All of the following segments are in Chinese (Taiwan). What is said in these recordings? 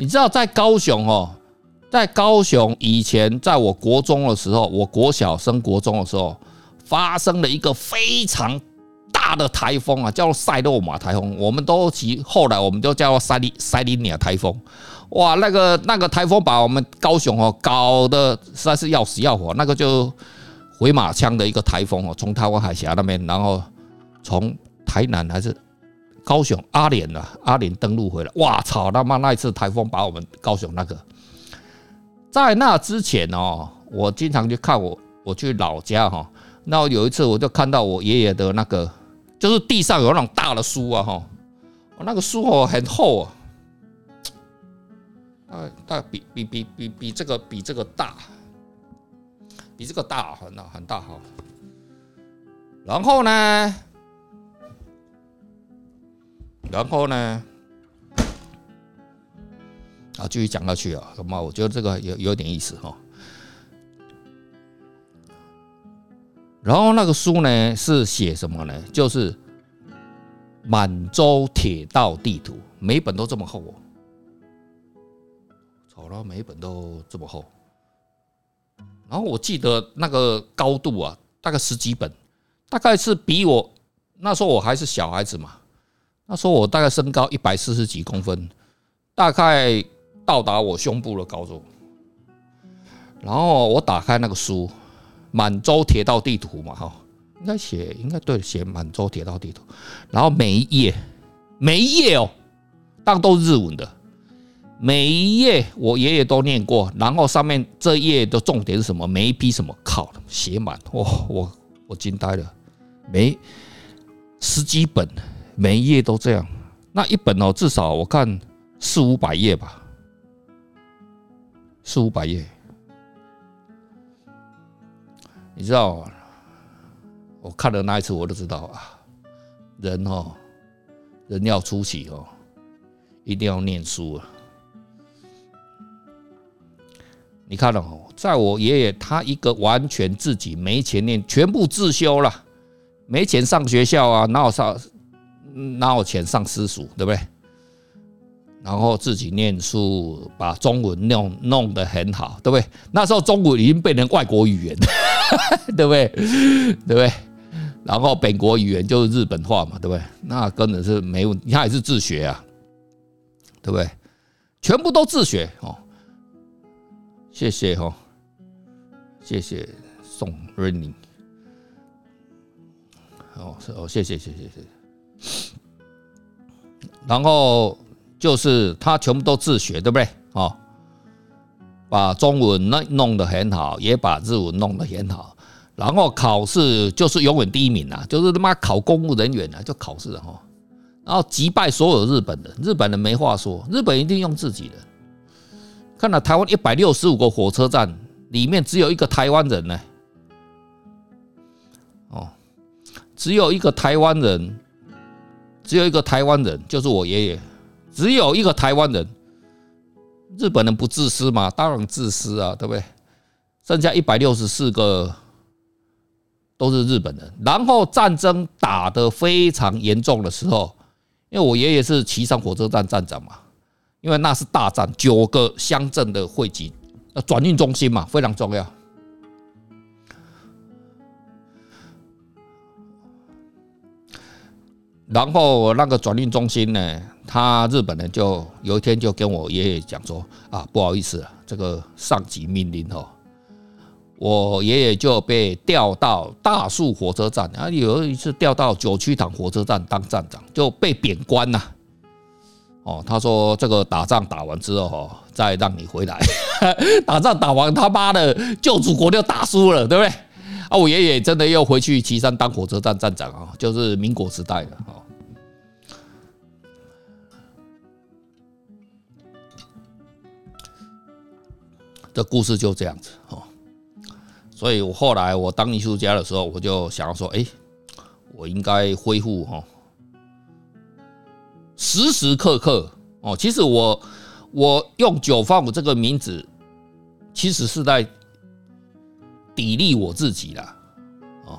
你知道在高雄哦，在高雄以前，在我國中的時候，我國小升國中的時候，發生了一個非常大的颱風啊，叫做塞洛馬颱風，我們都其後來我們就叫塞利塞利尼亞颱風。哇，那個那個颱風把我們高雄哦搞得實在是要死要活。那個就回馬槍的一個颱風哦，從臺灣海峽那邊，然後從台南還是。高雄阿蓮吶，阿蓮登陸回來，哇操他媽！那一次颱風把我們高雄那個，在那之前哦，我經常去看我，我去老家哈。那有一次我就看到我爺爺的那個，就是地上有那種大的書啊哈，那個書哦很厚啊，啊，大概比比比比比這個比這個大，比這個大很大很大哈。然後呢？然後呢？啊，繼續講下去啊！那我覺得這個有有點意思哦。然後那個書呢，是寫什麼呢？就是滿洲鐵道地圖，每一本都這麼厚哦。好了，每一本都這麼厚。然後我記得那個高度啊，大概十幾本，大概是比我那時候，我還是小孩子嘛。他說：“我大概身高一百四十幾公分，大概到達我胸部的高度。”然後我打開那個書，《滿洲鐵道地圖》嘛，哈，應該寫，應該對，寫《滿洲鐵道地圖》。然後每一頁，每一頁哦，但都是日文的。每一頁我爺爺都念過。然後上面這一頁的重點是什麼？每一批什麼，靠，寫滿哇！我我驚呆了，沒十幾本。每一頁都這樣，那一本哦、喔，至少我看四五百頁吧，四五百頁。你知道，我看了那一次，我都知道啊。人哦、喔，人要出息哦，一定要念書啊。你看了哦，在我爺爺他一個完全自己沒錢念，全部自修了，沒錢上學校啊，哪有上？拿我錢上私塾，對不對？然後自己念書，把中文弄弄得很好，對不對？那時候中文已經變成外國語言， 對不對？對不對？然後本國語言就是日本話嘛，對不對？那根、個、本是沒問題，他也是自學啊，對不對？全部都自學哦。謝謝哦，謝謝宋 rainy。哦是哦，謝謝謝謝謝謝。謝謝然後就是他全部都自學，對不對？哦，把中文弄弄得很好，也把日文弄得很好。然後考試就是永遠第一名吶、啊，就是他媽考公務人員吶、啊，就考試哈。然後擊敗所有日本人。日本人沒話說，日本人一定用自己的。看到台灣一百六十五個火車站裡面只有一個台灣人呢，哦，只有一個台灣人。只有一個台灣人，就是我爺爺。只有一個台灣人，日本人不自私嘛？當然自私啊，對不對？剩下一百六十四個都是日本人。然後戰爭打得非常嚴重的時候，因為我爺爺是旗山火車站站長嘛，因為那是大戰九個鄉鎮的匯集呃轉運中心嘛，非常重要。然後那個轉運中心呢，他日本人就有一天就跟我爺爺講說：“啊，不好意思、啊，這個上級命令哦。”我爺爺就被調到大樹火車站啊，有一次調到九曲堂火車站當站長，就被貶官吶。哦，他說：“這個打仗打完之後再讓你回來。 打仗打完，他媽的救祖國就打輸了，對不對？”啊，我爺爺真的又回去岐山當火車站站長啊，就是民國時代的啊。的故事就這樣子哦，所以我後來我當藝術家的時候，我就想要說，哎，我應該恢復哦，時時刻刻哦，其實我我用久方武這個名字，其實是在砥礪我自己了哦，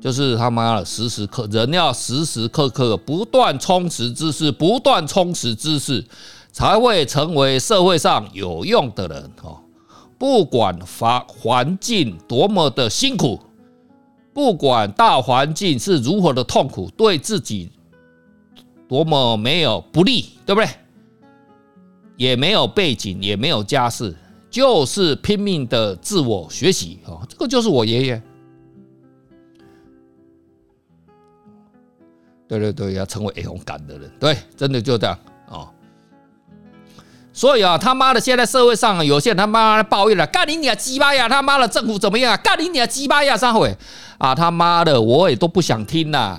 就是他媽的時時刻人要時時刻刻不斷充實知識，不斷充實知識。才會成為社會上有用的人哦！不管環環境多麼的辛苦，不管大環境是如何的痛苦，對自己多麼沒有不利，對不對？也沒有背景，也沒有家世，就是拼命的自我學習哦。這個就是我爺爺。對對對，要成為有鴻感的人。對，真的就這樣。所以啊，他媽的，現在社會上有些人他媽的抱怨了，幹你娘雞巴呀！他媽的政府怎麼樣啊？幹你娘雞巴呀！上回啊，他媽、啊、的，我也都不想聽吶、啊。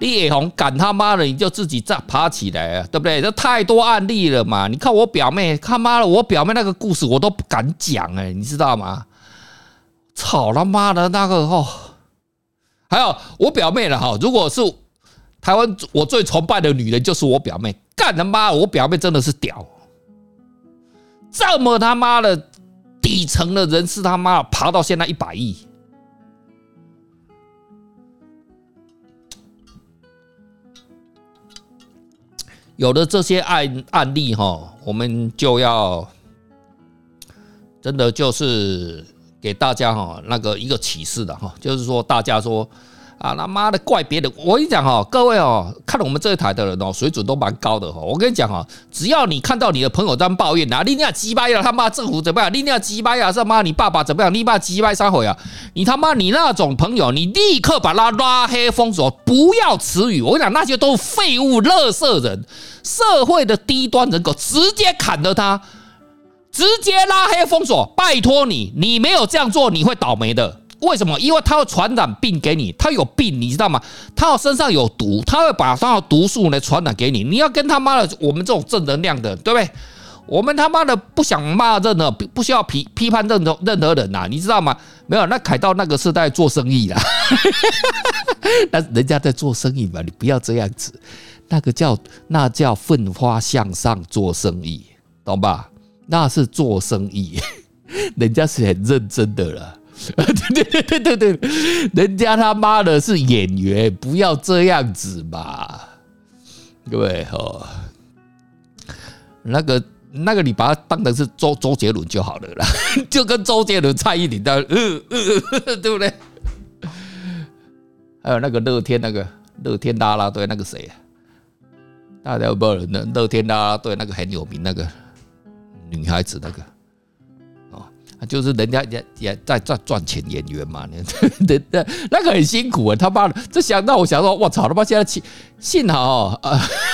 李也同，敢他媽的，你就自己站爬起來，對不對？這太多案例了嘛。你看我表妹，他媽的，我表妹那個故事我都不敢講哎、欸，你知道嗎？操他媽的那個哦。還有我表妹了哈。如果是台灣，我最崇拜的女人就是我表妹。幹他媽，我表妹真的是屌。這麼他媽的底層的人是他媽爬到現在一百億，有了這些案案例哈，我們就要真的就是給大家哈那個一個啟示的哈，就是說大家說。啊他媽的，怪別人！我跟你講哦，各位哦，看我們這一台的人哦，水準都蠻高的哦。我跟你講哦，只要你看到你的朋友在抱怨啊，恁娘雞掰他媽政府怎麼樣？恁娘雞掰啊是媽你爸爸怎麼樣？你爸雞巴三回啊！你他媽你那種朋友，你立刻把他拉黑封鎖，不要遲疑。我跟你講，那些都是廢物、垃圾人，社會的低端人口，直接砍了他，直接拉黑封鎖。拜託你，你沒有這樣做，你會倒霉的。為什麼？因為他要傳染病給你，他有病，你知道嗎？他身上有毒，他會把他的毒素呢傳染給你。你要跟他媽的我們這種正能量的，對不對？我們他媽的不想罵任何，不不需要批批判任何任何人吶、啊，你知道嗎？沒有，那凱道那個是在做生意啦， 那 人家在做生意嘛，你不要這樣子，那個叫那叫奮發向上做生意，懂吧？那是做生意，人家是很認真的了。啊，對對對對對，人家他媽的是演員，不要這樣子嘛，對不對？哦，那個那個，你把他當成是周周杰倫就好了啦， 就跟周杰倫蔡依林的，嗯嗯，對不對？還有那個樂天那個樂天啦啦隊那個誰、啊，大家有沒有？人樂天啦啦隊那個很有名那個女孩子那個。就是人家也也在賺賺錢，演員嘛，那那那個很辛苦啊，他媽的！這想到我想說，我操他媽現在幸幸好啊，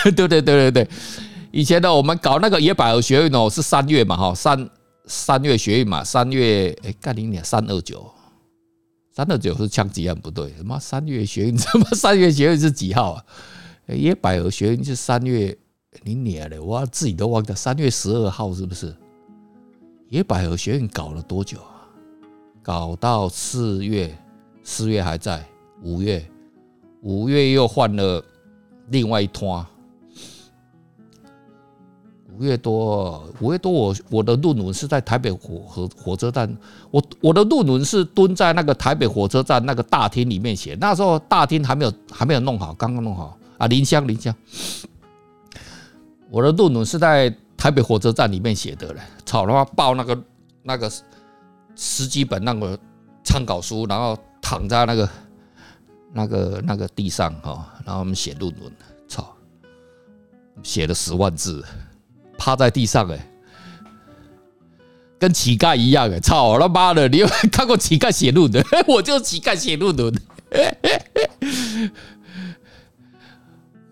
喔， 對對對對對，以前呢，我們搞那個野百合學運哦，是三月嘛哈，三三月學運嘛，三月哎，幹你娘三二九，三二九是槍擊案，不對，他媽三月學運，他媽三月學運是幾號啊？野百合學運是三月，你娘的，我自己都忘掉，三月十二號是不是？野百合學運搞了多久啊？搞到四月，四月還在，五月，五月又換了另外一攤。五月多，五月多我，我我的論文是在台北火和火車站，我我的論文是蹲在那個台北火車站那個大廳裡面寫。那時候大廳還沒有還沒有弄好，剛剛弄好啊，林香林香。我的論文是在。台北火車站裡面寫的嘞，操他媽抱那個那個十幾本那個參考書，然後躺在那個那個那個地上哈，然後我們寫論文，操，寫了十萬字，趴在地上哎，跟乞丐一樣哎，操他媽的，你有沒有看過乞丐寫論文的？我就是乞丐寫論文的。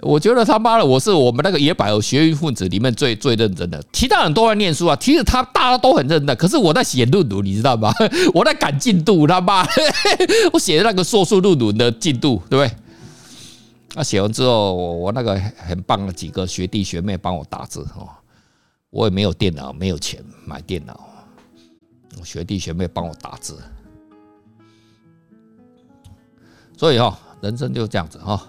我覺得他媽的，我是我們那個野百合學運分子裡面最最認真的。其他人都在念書啊，其實他大家都很認真，可是我在寫論文，你知道嗎？我在趕進度，他媽的，我寫的那個碩士論文的進度，對不對？他寫完之後，我我那個很棒的幾個學弟學妹幫我打字哦。我也沒有電腦，沒有錢買電腦，我學弟學妹幫我打字。所以哈，人生就這樣子哈。